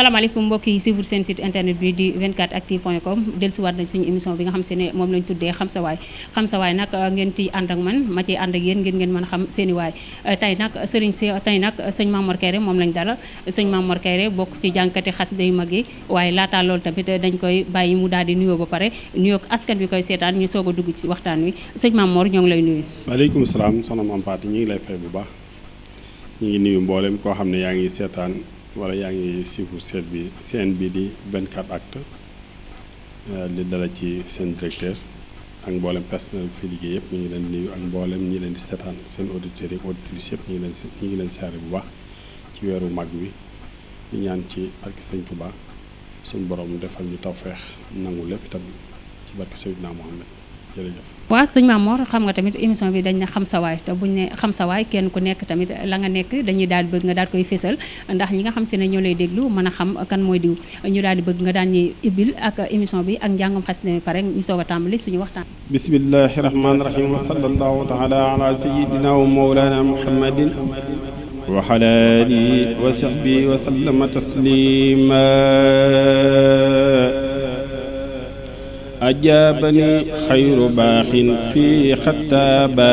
salaamaaleykum mbokk yi suivre seen site internet bi di 24 active point com dellusiwaat nañ suñu émission bi nga xam se ne moom lañ tuddee xam sa waay xam sa nag euh, ngeen ciy ànd ak man ma ciy a euh, tey nag sëriñ si tey nag sëñ Mamor Kéré moom lañ dalal sëñ Mamor Kéré bokk ci jànkati xas yu mag yi waaye laataa loolu tamit euh, dañ koy bàyyi mu daal di nuyoo ba pare nuyoo askan bi koy seetaan ñu soog dugg ci waxtaan wi sëñ Mamor ñoo ngi lay nuyu waaleykum salaam soxna Mame Fatou ñu lay fay bu baax ñu ngi nuyu koo xam ne yaa ngi seetaan wala yaa ngi suivre seen bi seen bi di 24 actu li euh, dala ci seen directeur ak mboolem personnel bi fi liggéey yëpp ñu ngi leen nuyu ak mboolem ñi leen di seetaan seen auditeurs yi auditrices yëpp ñu ngi leen ñu ngi leen saare bu baax ci weeru mag wi ñi ñaan ci barke Sëñ Tuubaa suñu borom defal ñu tawfeex nangu lépp itam ci barke Seydina Muhammad waaw sëñ Mamour xam nga tamit émission bi dañ na xam sa waay te buñ ne xam sa waay kenn ku nekk tamit la nga nekk dañuy daal di bëgg nga daal koy fésal ndax ñi nga xam si ne ñoo lay déglu mën a xam kan mooy diw ñu daal di bëgg nga daan ñuy ibbil ak émission bi ak njàngam xas ne pare ñu soog a tàmbali suñu waxtaan bismillahi rahmaani rahim wa sallallahu taala ala sayidina wa mawlana muhammadin wa ala alihi wa sahbihi wa sallama taslima أجابني خير باخ في خطابا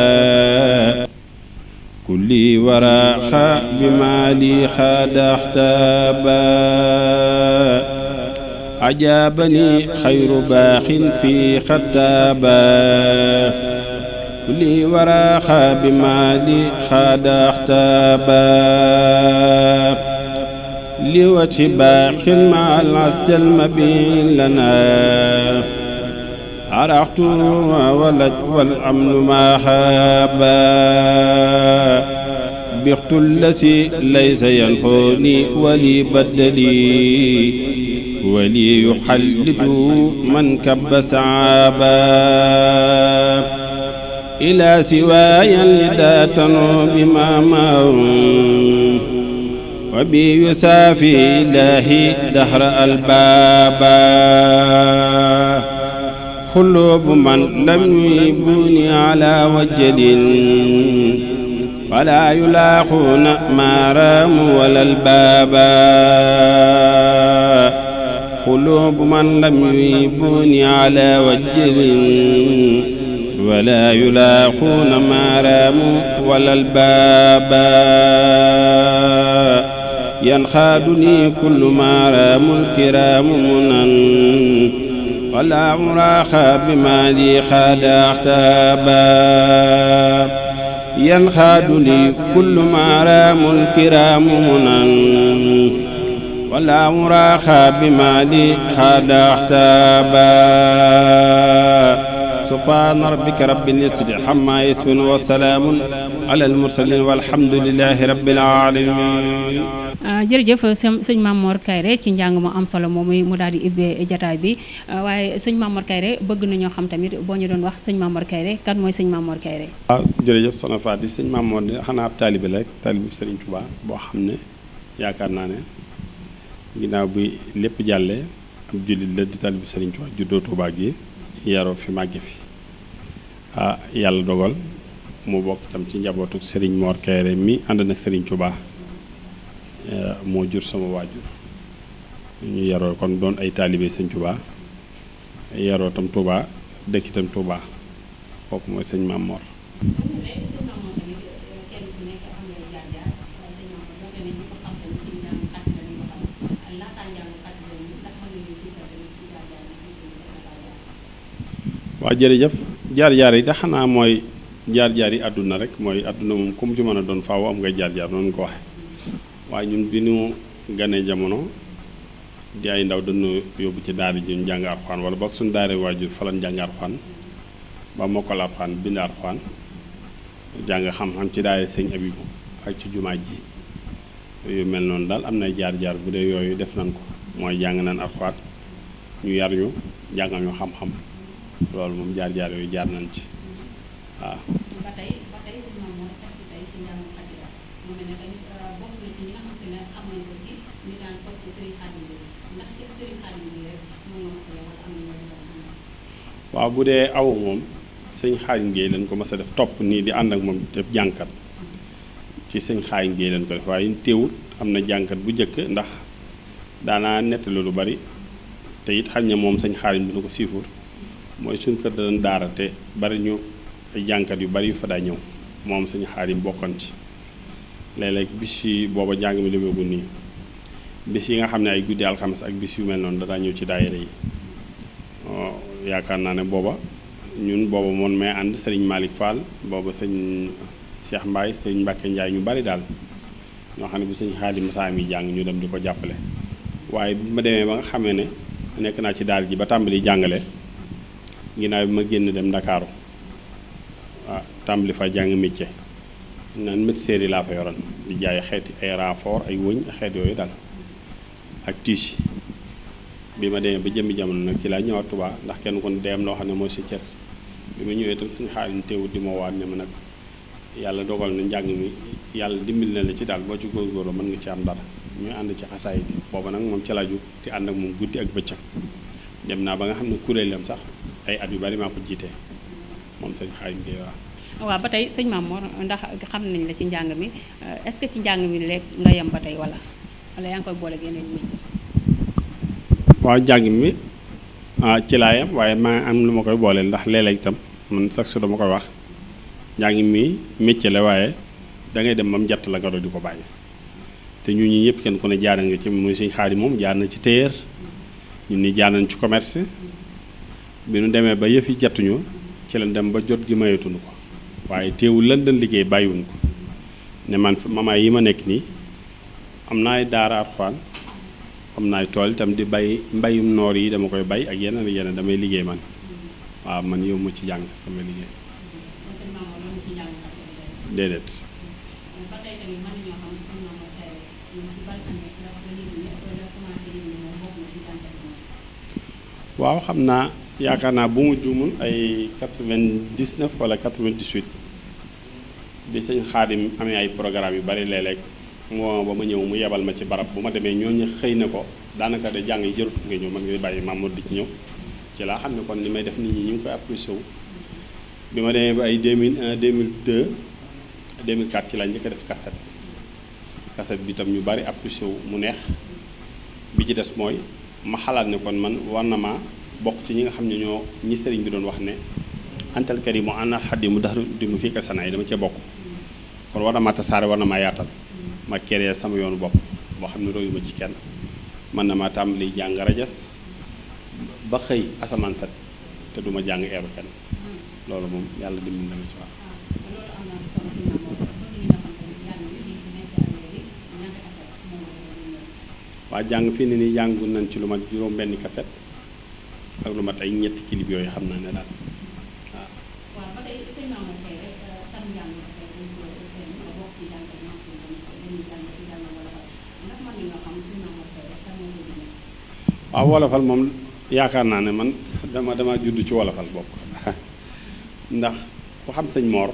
كلي وراخا بمالي خاد احتابا عجابني خير باخ في خطابا لي وراخا بمالي خاد اختابا لوجه باخ مع العسل المبين لنا عرفت ولج والأمن ما خابا بقت الذي ليس ينفوني ولي بدلي ولي يحلد من كب سعابا إلى سواي لدى تنو بما معهم وبي يسافي إلهي دهر البابا قلوب من لم ينيبني على وجد فلا يلاقون ما راموا ولا البابا قلوب من لم ينيبني على وجد ولا يلاقون ما راموا ولا البابا ينخادني كل ما رام الكرام منن ولا مراخى بما لي خاد اعتابا ينخاد لي كل ما رام الكرام منن ولا مراخى بما لي خاد اعتابا subhaana rabbika rabbil izzati ammaa yasifuun wa salaamun alal mursaliin walhamdulillaahi rabbil aalamiin. jërëjëf sëñ Mamor Kairé ci njàng mu am solo moom mu daal di ubbee jataay bi waaye sëñ Mamor Kairé bëgg nañoo xam tamit boo ñu doon wax sëñ Mamor Kairé kan mooy sëñ Mamor Kairé. waaw ah, jërëjëf soxna Faty sëñ Mamor de xanaa ab taalibe la rek taalibe Sëriñ Tuubaa boo xam ne yaakaar naa ne ginnaaw bi lépp jàllee ab jullit la di taalibe Sëriñ Tuubaa yaroo fi màgge fi ah yàlla dogal mu bokk tam ci njabootu sëriñ Mor Kayre mi ànd na sëriñ Tuubaa eh, moo jur sama waajur ñu yaroo kon doon ay taalibe sëñ Tuubaa yaroo tam Tuubaa dëkk itam Tuubaa kooku mooy sëñ Maam Mor jërëjëf jaar-jaar yi de xanaa mooy jaar-jaar yi àdduna rek mooy àdduna moom ku mu ci mën a doon faaw am ngay jaar-jaar noonu ko waxe waaye ñun bi ñu ganee jamono di ay ndaw dañu yóbbu ci daara ji ñu jàng Alxuraan wala boog suñu daara waajur falan jàng Alxuraan ba mokkal Alxuraan jàng xam-xam ci daara sëñ ak ci jumaa ji yu mel noonu daal am na jaar-jaar bu dee yooyu def nañ ko mooy jàng naan Alxuraan ñu yar ñu jàngal ñu xam-xam loolu moom jaar-jaar yooyu jaar nañ ci waaw. bu dee aw moom sëñ Khadim Gueye lañ ko mas a def topp nii di ànd ak moom def jànkat ci sëñ Khadim Gueye lañ ko def waaye teewut am na jànkat bu njëkk ndax daana nettali lu bari te it xam na moom sëñ Khadim dina ko siifur. mooy suñ kër daan daara te bari ñu ay yu bari yu fa daa ñëw moom sëñ Xaadim bokkoon ci léeg-léeg bis yi booba njàng mi demeegu nii bis yi nga xam ne ay guddi alxames ak bis yu mel noonu danaa ñëw ci daayira yi oh, yaakaar naa ne booba ñun booba moon may ànd sëriñ Malick Fall booba sëñ Cheikh Mbaye sëriñ Mbacke Ndiaye ñu bari daal ñoo xam ne bu sëñ Xaadim saam yi jàng ñu dem di ko jàppale waaye bi ma demee ba nga xamee ne nekk naa ci daal ji ba tàmbali jàngale ginnaaw bi ma génn dem ndakaaru waaw tàmbali fa jàng métier naan métisserie yi laa fa yoroon di jaay xeeti ay raafoor ay wëñ xeet yooyu daal ak tiche bi ma demee ba jëmmi jamono nag ci laa ñëwaat Tuubaa ndax kenn kon dem loo xam ne mooy sa cër bi ma ñëwee itam suñu xaalis teewut di ma waat ne ma nag yàlla dogal na njàng mi yàlla dimbil na la ci daal boo ci góorgóorlu mën nga ci am dara ñuy ànd ci xasaay bi booba nag moom ca laa jóg di ànd ak moom guddi ak bëccëg dem naa ba nga xam ne kuréelam sax ay at yu bari maa ko jiite moom sëñ Xaadim Gueye ba tey sëñ Mamour ndax xam nañ la ci njàng mi euh, est-ce ci njàng ngi koy boole yeneen métier waaw njàng mi ah, ci laa waaye maa lu ma koy boole ndax léeg-léeg itam man sax su koy wax njàng mi métier la waaye da dem mam jatt la nga di ko bàyyi te ñu kenn ku ne jaar ci muy sëñ Xaadim moom jaar na ci téer ñu ni jaar ci commerce bi nu demee ba yëf yi jattuñu ci lañ dem ba jot gi mayatuñu ko waaye teewul lan dañ liggéey bàyyiwuñ ko ne man mama yi ma nekk nii am naay daara Alxuraan am naay tool itam di bay mbayum noor yi dama koy bay ak yeneen yeneen damay liggéey man waaw ci jàng sama liggéey waaw xam naa yaakaar naa bu mu juumul ay 99 wala 98 bi sëñ xaadim amee ay programme yu bari léeg-léeg moo ba ma ñëw mu yebal ma ci barab bu ma demee ñooñu xëy na ko daanaka de jàng yi jërëtu nga ñëw man ngay bàyyi Mamour di ci ñëw ci laa xam ne kon li may def nit ñi ñu ngi koy apprécié wu bi ma demee ba ay 2001 2002 2004 ci laa njëkk a def cassette cassette bi tam ñu bari apprécié wu mu neex bi ci des mooy ma xalaat ne kon man war na maa bokk ci ñi nga xam ne ñoo ñi sëriñ bi doon wax ne antal karimu ana xadimu daxru dimu fii ka sana yi dama cee bokk kon war na maa war na maa yaatal ma keree sama yoonu bopp boo xam ne royuma ci kenn mën na maa tàmbali jàng rajas ba xëy asamaan set te duma jàng eeru kenn loolu moom yàlla dimbali na ma ci wax waa jàng fii ne nii jàngu nañ ci lu ma juróom benn kaset ak lu ma tey ñetti kilib yooyu xam naa ne daal waaw. waaw wolofal moom yaakaar naa ne man dama dama judd ci wolofal bokk ndax ku xam sañ Mor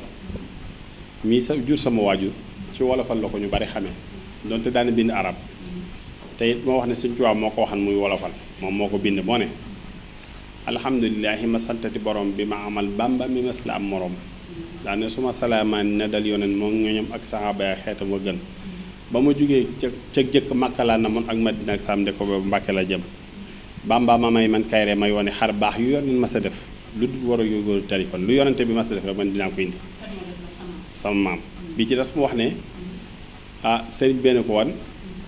mii sa jur sama waajur ci wolofal la ko ñu bari xamee donte daana bind arab mm-hmm. tey moo wax ne sëñ Tuubaa moo ko waxan muy wolofal moom moo ko bind moo ne alhamdulilahi ma santati borom bi ma amal bàmba mi mas la am morom daane suma ma salaamaan ne dal yoneen moom ñoñom ak saxaaba ya xeetam wa gën ba ma jógee ca ca jëkk Makka na namoon ak Madina ak Saam de ko ba la jëm Bàmba ma man kayre may wane xar baax yu yoneen ma sa def lu dul war a yógóoru tarifon lu yonante bi ma sa def rek man dinaa ko indi sama maam bi ci des mu wax ne ah sëriñ benn ko wan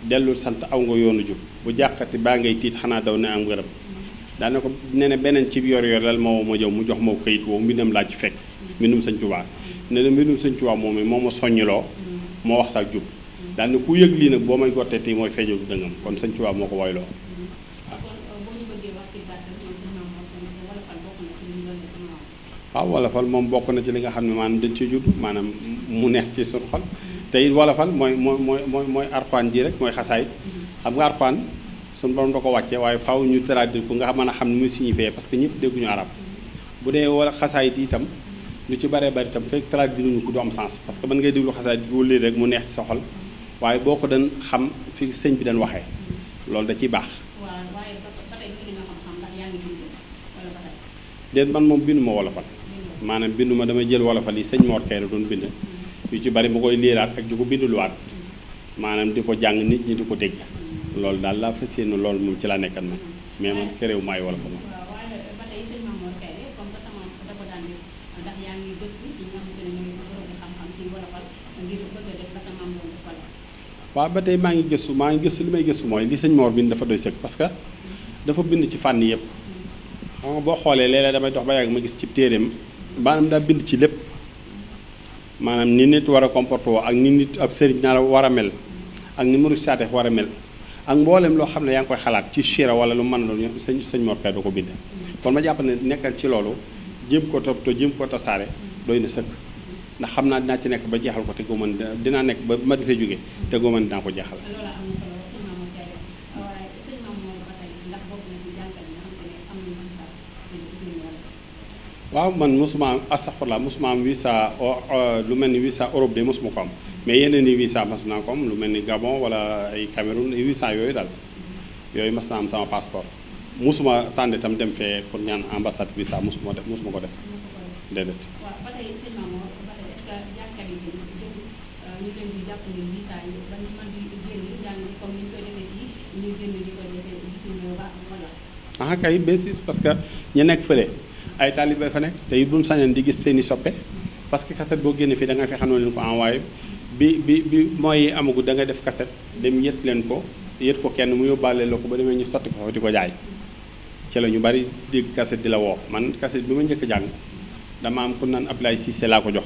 dellul sant aw nga yoonu jub bu jàqati baa ngay tiit xanaa daw ne am ngërëm daana ko nee na beneen ci yor yor lal moo ma jow mu jox ma këyit woowu mbindam laa ci fekk mbindum sëñ Tuubaa nee na mbindum sëñ Tuubaa moo ma soññiloo moo wax sax jub daal ne ku yëg lii mooy feeñu dëngam kon sëñ Tuubaa moo ko woyloo waaw wolofal moom bokk na ci li nga xam ne maanaam dañ ciy judd maanaam mu neex ci suñu tey te wolofal mooy mooy mooy arxuwaan ji rek mooy xasaayit xam nga arxuwaan suñu borom da ko wàccee waaye faaw ñu traduire ko nga mën a xam ne muy signifié parce que ñëpp dégguñu arab bu dee wala di itam lu ci baree bari itam fekk traduire ñu ko du am sens parce que mën ngay déglu xasaayit boo lii rek mu neex ci sa waaye boo ko dan xam fi sëñ bi dañ waxee loolu da ciy baax. déet man moom bindu ma wolofal maanaam bindu ma damay jël wolofal yi sëñ Mor Kayre doon bind lu mm-hmm. ci bari mu koy liiraat ak di ko binduluwaat mm-hmm. maanaam di ko jàng nit ñi du ko dégg. loolu daal laa fas yéene lool moom ci laa nekkat moom mais man këréew maay wala ko moom waaw ba tey maa ngi gëstu maa ngi gëstu li may gëstu mooy li sëñ Mor bind dafa doy sëkk parce que dafa bind ci fànn yëpp xam nga boo xoolee léeg-léeg damay dox ba yàgg ma gis ci téereem maanaam daa bind ci lépp maanaam ni nit war a comporté woo ak ni nit ab sëriñ naa war a mel ak ni mu rusaate war a mel ak mboolem loo xam ne yaa ngi koy xalaat ci chira wala lu mën doon ñoom sëñ sëñ Mor Kay da ko bind kon ma jàpp ne nekkal ci loolu jéem ko topp te jéem ko tasaare doy na sëkk ndax xam naa dinaa ci nekk ba jeexal ko te goo mën dinaa nekk ba ma dafay jóge te goo ko jeexal waaw man mosuma am astaxfurlaa mosuma am visa uh, uh, lu mel ni visa Europe de mosuma ko am mais yeneen i visa mas naa ko lu mel ni Gabon wala ay Cameroun ay visa yooyu daal yooyu mas naa am sama passeport musuma tànde tam dem fee pour ñaan ambassade visa musuma def musuma ko de déedéet. Euh, ah kay bien sûr parce que ñu nekk fële ay taalibe fa nekk te it buñ sañoon di gis seen i soppe parce que kaset boo génnee fii da nga fi xam ne leen ko envoyé. bi bi bi mooy amagu da nga def kaset dem yët leen ko yët ko kenn mu yóbbaale la ko ba demee ñu sotti ko fa di ko jaay ci la ñu bari dégg kaset di la woo man kaset bi ma njëkk jàng dama am ku naan Ablaye Cissé laa ko jox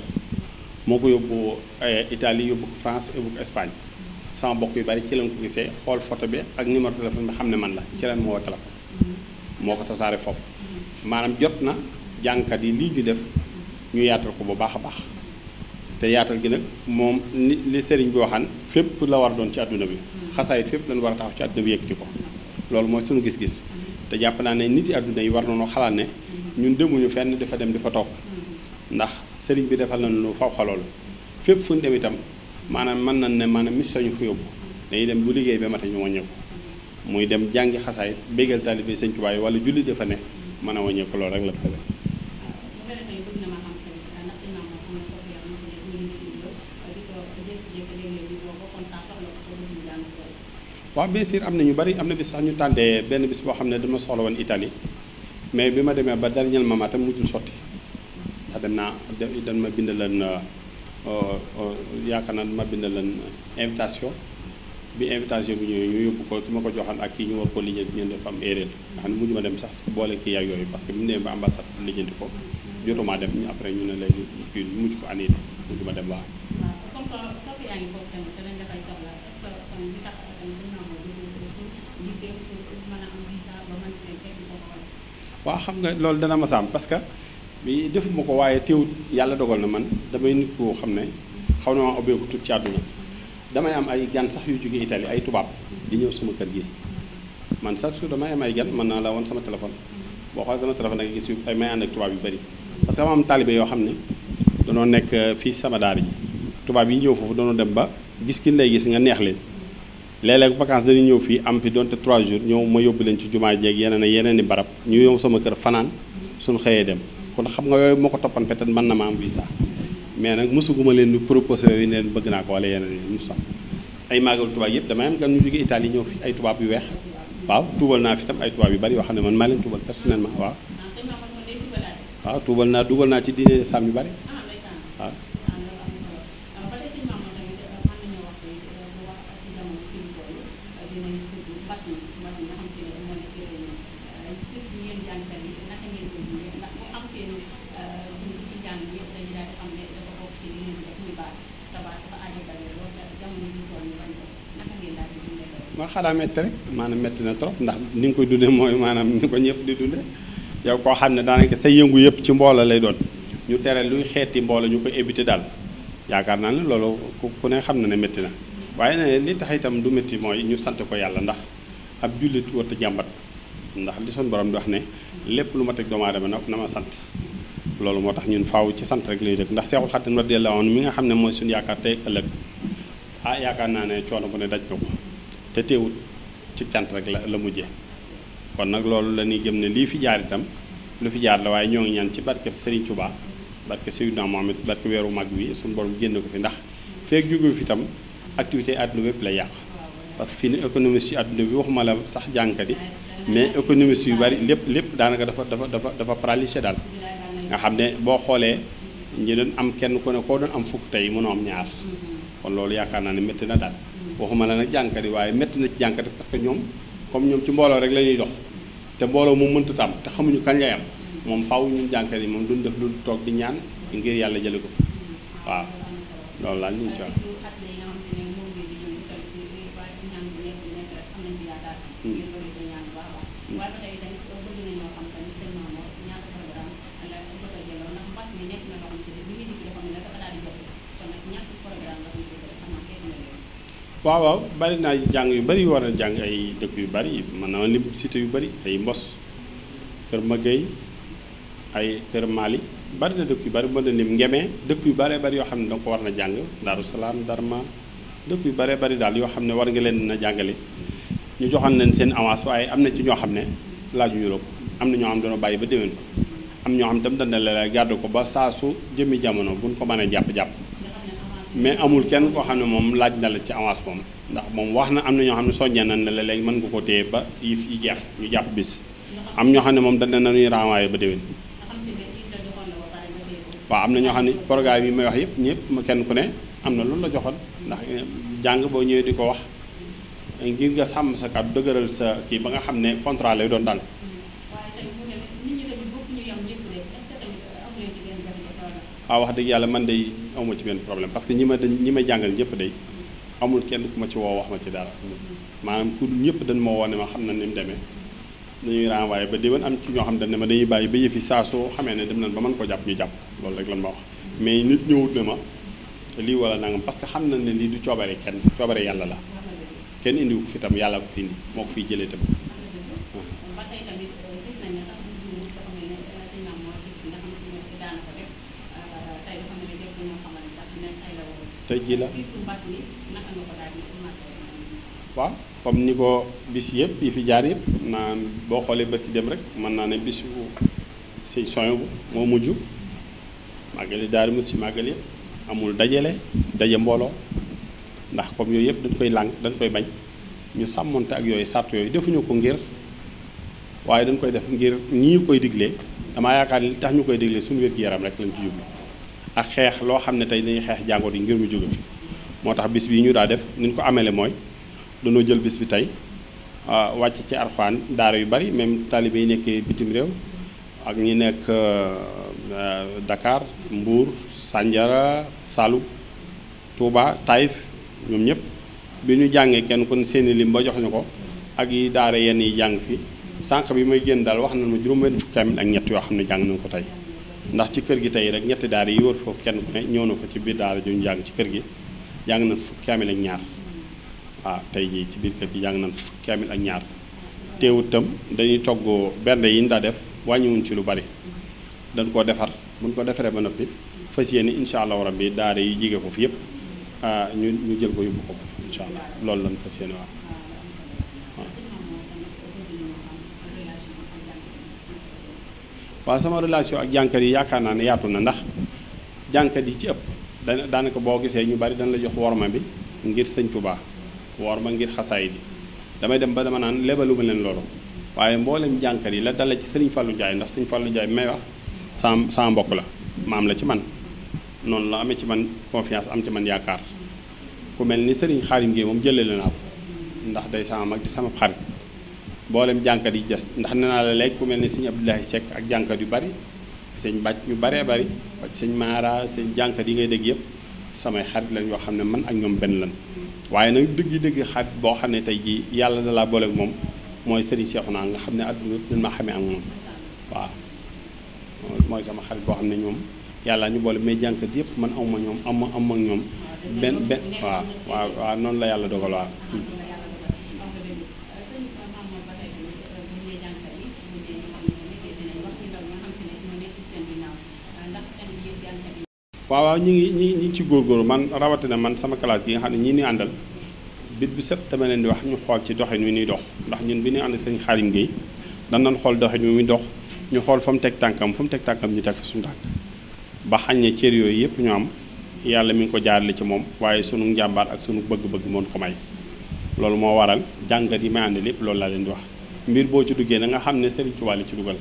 moo ko yóbbu eh, itali yóbbu ko France yóbbu ko Espagne sama mbokk yu bari ci lañ ko gisee xool photo bi ak numéro téléphone bi xam ne man la ci lañ ma woo téléphone mm-hmm. moo ko sasaare foofu mm-hmm. maanaam jot na jàngkat yi lii ñu def ñu yaatal ko bu baax a baax te yaatal gi nag moom li li sëriñ bi waxaan fépp la war doon ci àdduna bi xasaayit fépp lañu war a taxaw ci àdduna bi yëkkati ko loolu mooy suñu gis-gis te jàpp naa ne nit yi àdduna yi war nañoo xalaat ne ñun demuñu fenn dafa dem di fa toog ndax sëriñ bi defal nañu lu faw xaloolu fépp fu ñu dem itam maanaam man na ne maanaam miss soñu fa yóbbu dañuy dem bu liggéey ba mate ñu wàññeeku muy dem jàngi xasaayit bégal taalibe sëñ Tuubaa yi wala julli dafa ne mën a wàññeeku loolu rek la waaw bien sûr am na ñu bari am na bis sax ñu tàndee benn bis boo xam ne dama soxla woon Italie mais bi ma demee ba dernier moment tam mujjul sotti ndax dem naa dañ ma bindaleen euh, euh, yaakaar naa ma bindaleen invitation bi invitation bi ñëwee ñu yóbbu ak kii ñu war ko ñeen dafa am erreur nga xam dem sax boole kii ak yooyu parce que bi mu demee ba ambassade lijjanti ko jotuma dem ñu après ñu ne lay kii mujj ko annulé mujj ma dem waaw. li xam nga loolu dana ma saam parce que bi defuma ko waaye teewut yàlla dogal na man damay nit koo xam ne xaw na ma ubbeeku tut ci àdduna damay am ay gan sax yu jóge Italie ay tubaab di ñëw sama kër gi man chaque jour damay am ay gan mën naa la woon sama téléphone boo xoolee sama téléphone da gis yu ay may ànd ak tubaab yu bëri parce que ma am taalibe yoo xam ne danoo nekk fii sama daara ji tubaab yi ñëw foofu danoo dem ba gis kin lay gis nga neex leen léeg-léeg vacances ñëw fii am fi donte trois jours ñëw ma yóbbu leen ci jumaa jeeg yeneen ak yeneen barab ñu yow sama kër fanaan suñ xëyee dem kon xam nga yooyu moo ko toppan peut-être mën na ma am visa mais nag mosuguma leen di proposé yooyu ne bëgg naa ko wala yeneen yi mos ay maagalu tubaab yëpp damay am gan ñu jóge Italie ñëw fii ay tubaab yu weex waaw tuubal naa fi tam ay tubaab yu bari yoo xam ne man maa leen tuubal personnellement waaw waaw tuubal naa dugal naa ci diine sam yu bari xanaa métti rek maanaam métti na trop ndax ni nga koy dunde mooy maanaam ni ko ñëpp di dunde yow koo xam ne daanaka sa yëngu yëpp ci mboola lay doon ñu tere luy xeeti mboola ñu ko éviter daal yaakaar naa ne loolu ku ne xam na ne métti na waaye ne li tax itam du métti mooy ñu sant ko yàlla ndax ab jullit warta jàmbat ndax li son borom di ne lépp lu ma teg doomu aadama na ma sant loolu moo tax ñun faaw ci sant rek lay dëkk ndax seexul xatim radiyallahu anhu mi nga xam ne mooy suñu yaakaar tey ëllëg ah yaakaar naa ne coono bu ne daj ko ko te teewut ci cant rek la la mujje kon nag loolu la ñuy gëm ne lii fi jaar itam lu fi jaar la waaye ñoo ngi ñaan ci barke Serigne Touba barke Seydina Mohamed barke weeru mag wi suñ borom génne ko fi ndax feek jógu fi itam activité àdduna bépp lay yàq parce que fii ni économiste àdduna bi waxuma la sax jànkadi mais économiste yu bari lépp lépp daanaka dafa dafa dafa dafa paralysé daal nga xam ne boo xoolee ñi doon am kenn ku ne koo doon am fukk tey mënoo am ñaar kon loolu yaakaar naa ne métti na daal waxuma la nag jànkat yi waaye métti na ci jànkat yi parce que ñoom comme ñoom ci mbooloo rek la ñuy dox te mbooloo moom mënta tam te xamuñu kañ lay moom faw ñun jànkat yi moom duñ def lu toog di ñaan ngir yàlla jële ko waaw loolu laa ñu ci wax waaw waaw bari naa jàng yu bari yu war a jàng ay dëkk yu bari mën na lim cité yu bari ay Mbos Kër Maguèye ay Kër Mali bari na dëkk yu bari mën na lim Ngémé dëkk yu baree bari yoo xam ne danga ko war na jàng Daaru Salaam Darma dëkk yu bare bari daal yoo xam ne war nga leen na jàngale ñu joxoon leen seen avance waaye am na ci ñoo xam ne laajuñu la ko am na ñoo xam ne dañoo bàyyi ba déwén ko am ñoo xam tam dañ la garde ko ba saa su jëmi jamono buñ ko mën a jàpp-jàpp mais amul kenn koo xam ne moom laaj na la ci avance moom ndax moom wax na am na ñoo xam ne soññee nañ ne la léegi mën nga ko téye ba yi jeex ñu jàpp bis am ñoo xam ne moom dañ ne nañuy renvoyé ba déwén. waaw am na ñoo xam ne programme yi may wax yëpp ñëpp ma kenn ku ne am na loolu la joxoon ndax eh, jàng boo ñëwee di ko wax ngir nga sàmm sa kàddu dëgëral sa kii ba nga xam ne contrat lay doon daan. waa wax dëgg yàlla man de amuma ci benn problème parce que ñi ma dañ ñi ma jàngal ñëpp day amul kenn ku ma ci woo wax ma ci dara maanaam ku ñëpp dañ ma woo ne ma xam na ni mu demee dañuy renvoyé ba déwén am ci ñoo xam dañ ne ma dañuy bàyyi ba yëfi saa soo xamee ne dem nañ ba man ko jàpp ñu jàpp loolu rek lan ma wax mais nit ñëwut na ma lii wala nangam parce que xam nañ ne lii du coobare kenn coobare yàlla la kenn indiwu fi tam yàlla ko fi indi moo ko fi jëlee tam ji la waaw comme ni ko bis yëpp yi fi jaar yëpp naa boo xoolee bëtti dem rek mën naa ne bisu sëñ soñ bu moo mujj màggali daal mu si màggal amul dajale daje mbooloo ndax comme yooyu yëpp dañ koy lànk dañ koy bañ ñu sàmmonte ak yooyu sàrt yooyu defuñu ko ngir waaye dañ koy def ngir ñii koy diglee damaa yaakaar li tax ñu koy diglee suñu wér-gi-yaram rek lañ ci jublu ak xeex loo xam ne tey dañuy xeex jàngoor yi ngir mu jóge fi moo tax bis bi ñu daa def ni ñu ko amele mooy dañoo jël bis bi tey ah, wàcc ci arxaan daara yu bari même taalibe yi nekkee bitim réew ak ñu nekk euh, euh, Dakar Mbour Sanjara salu Touba tayf ñoom ñëpp bi ñu jàngee kenn kon seeni lim ba jox ñu ko ak yi daara yenn yi jàng fi sànq bi may génn daal wax na ma juróom benn fukki ak ñett yoo xam ne jàng nañu ko tey ndax ci kër gi tey rek ñetti daara yi wër foofu kenn ku ne ñëw na ko ci biir daara ju ñu jàng ci kër gi jàng nañ fukki amil ak ñaar waaw tey jii ci biir kër gi jàng nañ ak ñaar teewut tam dañuy togg benn yi ñu daa def wàññiwuñ ci lu bari dañ koo defar buñ ko defaree ba noppi fas yéene incha allahu rabbi daara yi jige foofu yëpp ah, ñu ñu jël ko yóbbu ko incha allah loolu lañ fas yéene waaw waa sama relation ak jànkat yi yaakaar naa ne yaatu na ndax jànkat yi ci ëpp dana daanaka boo gisee ñu bari dana la jox worma bi ngir sëñ Tuubaa worma ngir xasaay bi damay dem ba dama naan lebaluma leen loolu waaye mboolem jànkat yi la dala ci sëriñ Fallou Ndiaye ndax sëñ Fallou Ndiaye may wax sama sama mbokk la maam la ci man noonu la amee ci man confiance am ci man yaakaar ku mel ni sëriñ Xaarim Gueye moom jëlee la naa ko ndax day sama mag di sama booleem jànkat yi des ndax nee naa la léegi ku mel ne sëñ Abdoulaye Seck ak jànkat yu bari sëñ bàcc ñu baree bari ak sëñ Mara sëñ jànkat yi ngay dëgg yëpp samay xarit lañ yoo xam ne man ak ñoom benn lan waaye nag dëgg-dëgg xarit boo xam ne tey jii yàlla da laa boole moom mooy sëriñ Cheikhouna nga xam ne àdduna dañ ma xamee ak moom waaw mooy sama xarit boo xam ne ñoom yàlla ñu boole mais jànkat yëpp man amuma ñoom am am ak ñoom benn benn waaw waaw la yàlla dogal waaw waaw ñi ngi ñi ñi ci góor góor man rawatina man sama classe gi nga xam ne ñi ni àndal bit bu set dama leen di wax ñu xool ci doxin wi nuy dox ndax ñun bi ñuy ànd sëñ Xarim Gueye dan nañ xool doxin wi muy dox ñu xool fa mu teg tànkam fa mu teg tànkam ñu teg fa suñu tànk ba xañ ne cër yooyu yëpp ñu am yàlla mi ngi ko jaarale ci moom waaye sunu njàmbaar ak sunu bëgg-bëgg moon ko may loolu moo waral jàngat yi may ànd lépp loolu laa leen di wax mbir boo ci duggee na nga xam ne Sëriñ Tuubaa li ci dugal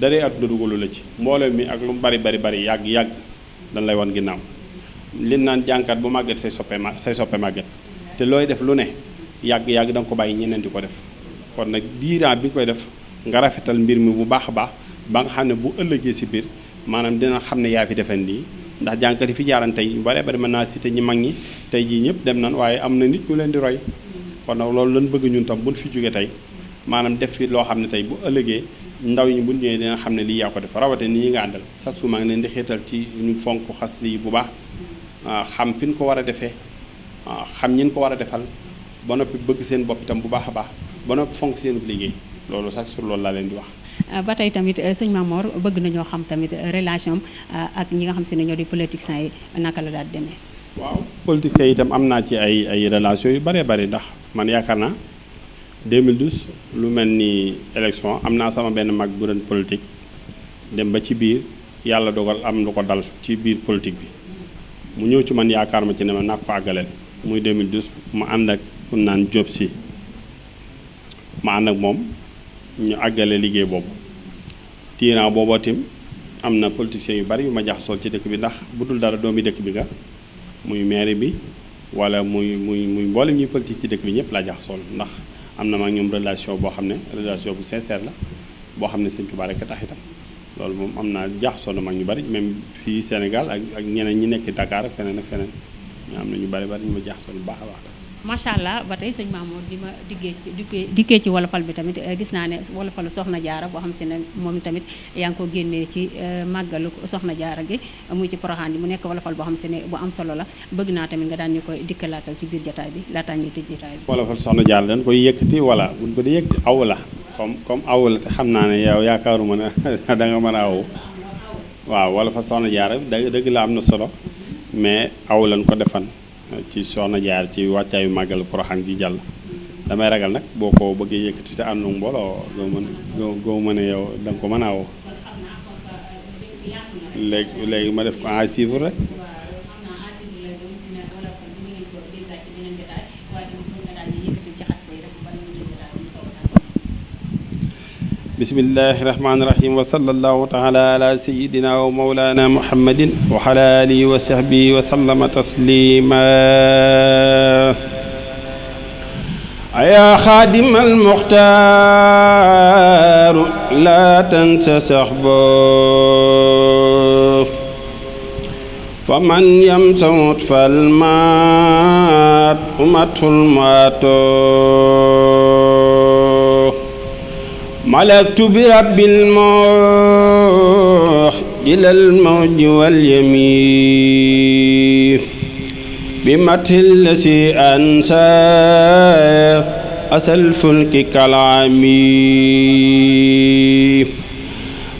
daree adduna dugalu la ci mbooloo mi ak lu mu bari bari bari yàgg-yàgg dañ lay wan ginnaaw lin naan jànkat bu màgget say soppee ma say soppe màgget te looy def lu ne yàgg-yàgg da ko bàyyi ñeneen di ko def kon nag diiraa bi nga koy def nga rafetal mbir mi bu baax a baax ba nga xam ne bu ëllëgee si biir maanaam dina xam ne yaa fi defeen lii ndax jànkat yi fi jaaran tey ñu bare bari mën naa te ñi mag ñi tey jii ñëpp dem nan waaye am na nit ñu leen di roy kon nag loolu lan bëgg ñun tam buñ fi jóge tey maanaam def fi loo xam ne tey bu ëllëgee ndaw yi ñu bu ñëwee dina xam ne lii yaa ko def rawate ni ñi nga àndal chaque jour maa ngi leen ci ñu fonk xas lii bu baax ah, xam fi ñu ko war a defee ah, xam ñin ko war a defal ba noppi bëgg seen bopp itam bu baax a baax ba noppi fonk seen liggéey loolu chaque jour loolu laa leen di wax. Ah, ba tey tamit eh, sëñ mamoor bëgg nañoo xam tamit eh, relation ak ñi nga xam si ne ñoo di politiciens yi naka la daal demee. waaw politiciens yi itam am naa ci ay ay relation yu baree bari ndax man yaakaar naa. 2012 lu mel ni élection am naa sama benn mag bu ren politique dem ba ci biir yàlla dogal am lu ko dal ci biir politique bi mu ñëw ci man yaakaar ma ci ne ma naa ko àggaleel muy 2012 mu ànd ak ku naan Diop si ma ànd ak moom ñu àggale liggéey boobu tiiran booboo am na politiciens yu bari yu ma jaax sol ci dëkk bi ndax bu dul dara doomi dëkk bi nga muy maire bi wala muy muy muy mboolem ñuy politique ci dëkk bi ñëpp laa jaxasool ndax am na ma ñoom relation boo xam ne relation bu sincère la boo xam ne sëñ Tuubaa rek a tax itam loolu moom am naa jaaxasoo na mag ñu bari même fii Sénégal ak ak ñeneen ñi nekk Dakar ak feneen ak feneen ñu am na ñu bari bari ñu ma jaaxasoo bu baax a baax macha allah ba tey sëñ Mamour di ma diggee ci dikkee ci wolofal bi tamit eh, gis naa ne wolofalu soxna jaara boo xam si ne moom tamit yaa ngi ko génnee ci eh, màggalu soxna jaara gi muy ci poroxaan bi mu nekk wolofal boo xam si ne bu am solo la bëgg naa tamit daan ñu koy dikkalaatal ci biir jataay bi laataa ñuy tëj jataay bi wolofal soxna jaara dañ koy yëkkati wala buñ ko di la comme comme aw te xam naa ne yow yaakaaruma na da nga mën a aw waaw wolofal soxna jaara da dëgg la am na solo mais aw lañ ko defan ci soxna jaar ci wàccaayu màggal poroxaan gi jàll damay ragal nag boo ko bëggee yëkkati te ànd ak mbooloo goo mën goo mën a yow da nga ko mën a woo léegi léegi ma def ko en suivre rek bismillahi rahmaani rahiim wa sallallahu taala ala sayidina wa mawlana muhammadin wa ala alihi wa sahbihi wa sallama taslima yaa xaadima almuxtaaru laa tansa saxbo faman yamsamut falmaat umatul maato ملكت برب الموح إلى الموج واليمين بمته الذي أنسى أسل فلك كلامي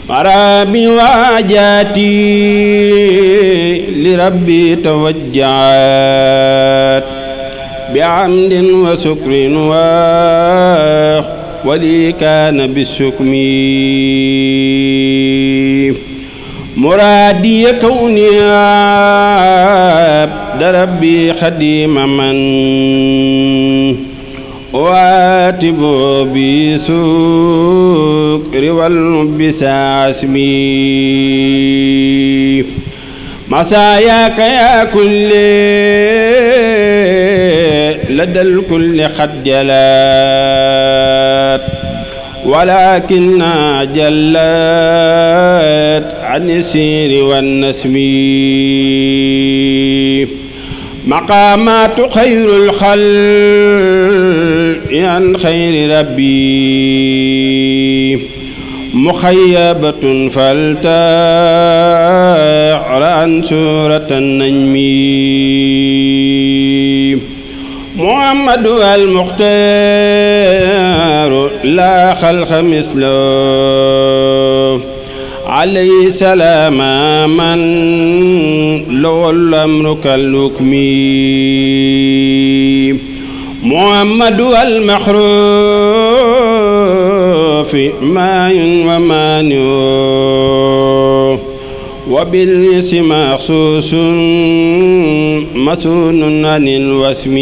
مرامي واجاتي لربي توجعت بعمد وسكر واخ ولي كان بالسكم مرادي كوني عبد ربي خديم من واتب بسكر واللبس عسمي مساياك يا كل لدى الكل خجلا ولكنها جلت عن السير والنسم مقامات خير الخلق عن خير ربي مخيبة فلتعر عن سورة النجم محمد المختار لا خلق مثله عليه سلام من لو الأمر كاللكم محمد المخروف ما ومانع وبالنس مخصوص مسون عن الوسم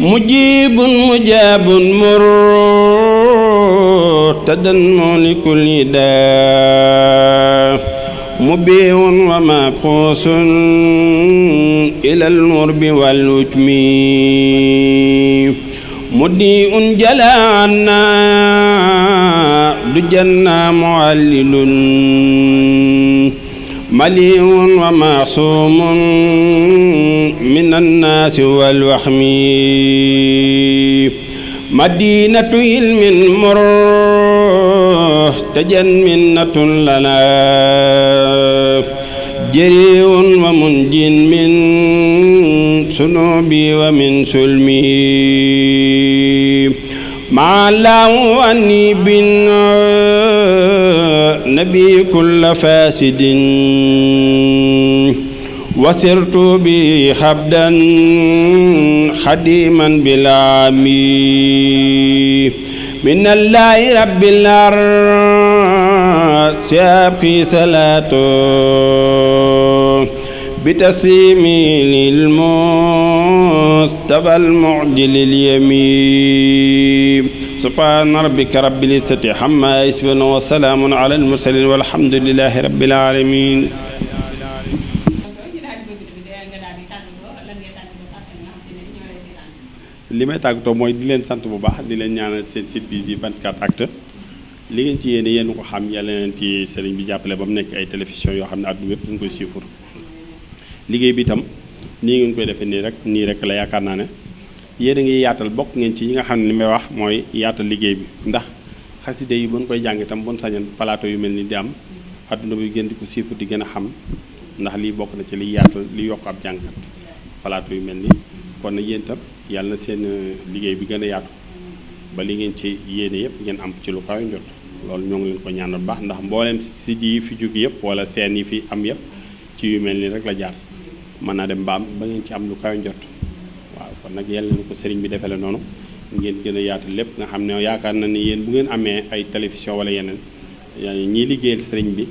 مجيب مجاب مرتدا لكل داء مبيع ومبخوص إلى المرب والوجم مديء جلا عنا du janna muallilun maliun wa maasumun min annaasi walwaxmi madinatu ilmin mor tajan minnatun lana jëriun wa munjin min sunubi wa min sulmi ما لو أني بن نبي كل فاسد وسرت به خبدا خديما بالعمي من الله رب الأرض سيبقي صلاته بتسليمي للمصطفى المعجل اليمين سبحان ربك رب العزة عما يصفون وسلام على المرسلين والحمد لله رب العالمين li may tàggatoo mooy di leen sant bu baax di leen ñaanal seen site bi di 24actu li ngeen ci yéene yéen ko xam yàlla ci sëriñ bi jàppale ba nekk ay télévision yoo xam ne àdduna yëpp dañ koy liggéey bi itam nii ngeen koy defe nii rek nii rek la yaakaar naa ne yéen a ngi yaatal bokk ngeen ci yi nga xam ne ni may wax mooy yaatal liggéey bi ndax xaside yi buñ koy jàng itam buñ sañan plateau yu mel ni di adduna bi gën di ko siif di gën a xam ndax bokk na ci liy li yokk ab jàngkat plateau yu mel ni kon nag yéen itam yàlla seen euh, liggéey bi gën a yaatu ba li ngeen ci yéene yëpp ngeen am ci lu kaw njot loolu ñoo ngi leen ko ñaanal baax ndax mbooleem si yi fi jóg yépp wala seen yi fi am yëpp ci yu mel ni rek la jaar mën naa dem ba am ba ngeen ci am lu kawe njot waaw kon nag yàlla na ko sëriñ bi defe defele noonu ngeen gën a yaatal lépp nga xam ne yaakaar na ni yéen bu ngeen amee ay télévision wala yeneen ñi liggéeyal sëriñ bi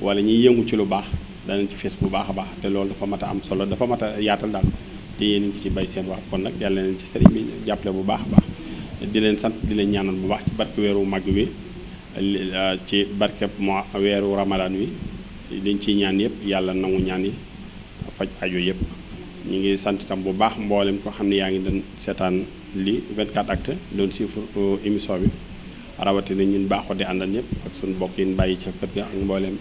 wala ñiy yëngu ci lu baax danañ ci fees bu baax a baax te loolu dafa mat a am solo dafa mat a yaatal daal te yéen ngi ci bay seen wax kon nag yàlla leen ci sëriñ bi jàppale bu baax a baax di leen sant di leen ñaanal bu baax ci barke weeru mag wi ah, ci barke mo weeru ramadan wi liñ ciy ñaan yëpp yàlla nangu ñaan yi faj ajo yëpp ñu ngi sant itam bu baax mboolem ko xam ne yaa ngi doon seetaan li 24 actu doon siifur euh, émission bi rawatina ñun baaxoo di àndal ñëpp ak suñu bokk yi bàyyi ca kër ga ak mboolem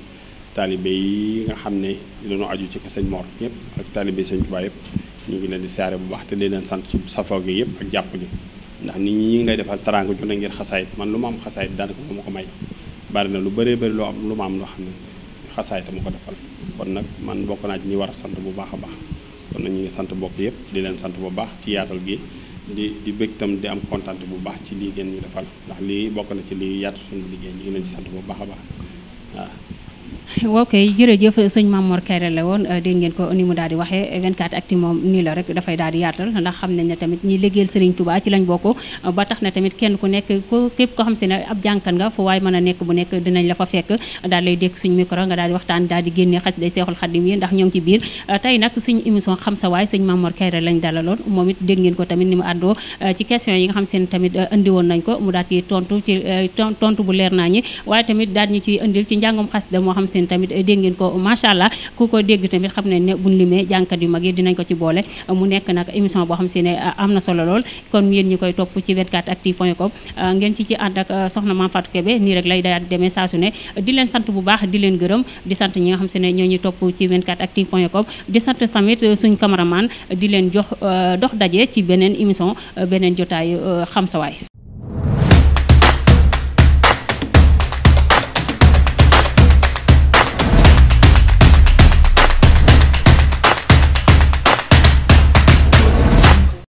taalibe yi nga xam ne dañoo aju ci ko sëñ Mor ñëpp ak taalibe sëñ Tuubaa yëpp ñu ngi leen di saare bu baax te di leen sant ci safoo gi yëpp ak jàpp gi ndax nit ñi ñu ngi lay defal taraanga ju ne ngir xasaayit man lu ma am xasaayit daanaka ma ko may bari na lu bëree bëri loo lu ma am loo xam ne xasaay te mu ko defal kon nag man bokk naa ci ñi war a sant bu baax a baax kon nag ñu ngi sant bopp yëpp di leen sant bu baax ci yaatal gi di di bëgg tam di am kontaan bu baax ci lii ngeen ñu defal ndax lii bokk na ci lii yaatu suñu liggéey ñu ngi leen ci sant bu baax a baax waaw waaw kay jërëjëf sëñ Mamor Kayre la woon dégg ngeen ko ni mu daal di waxee 24actu moom nii la rek dafay daal di yaatal ndax xam nañ ne tamit ñi liggéeyal Serigne Touba ci lañ bokk ba a dalaloon moom it dégg ngeen ko tamit ni mu àddoo ci question yi nga xam si tamit euh, indi nañ ko mu daal ci tontu ci euh, tontu bu leer naa ñi waaye tamit daal ñu ci indil ci njàngum xas da xam xamante tamit eh, dégg ngeen ko macha allah ku ko dégg tamit xam ne ne buñ limee jànkat yu mag yi dinañ ko ci boole mu nekk nag émission boo xam si ne eh, am na solo lool kon yéen ñi koy topp ci 24actu point com eh, ngeen ci ci ànd ak soxna Mame Fatou Kébé nii rek lay daal di demee saa su ne di leen sant bu baax di leen gërëm di sant ñi nga xam si ne ñoo ñu topp ci 24actu point com di sant tamit suñ cameraman di leen jox dox daje ci beneen émission beneen jotaayu xam sa waay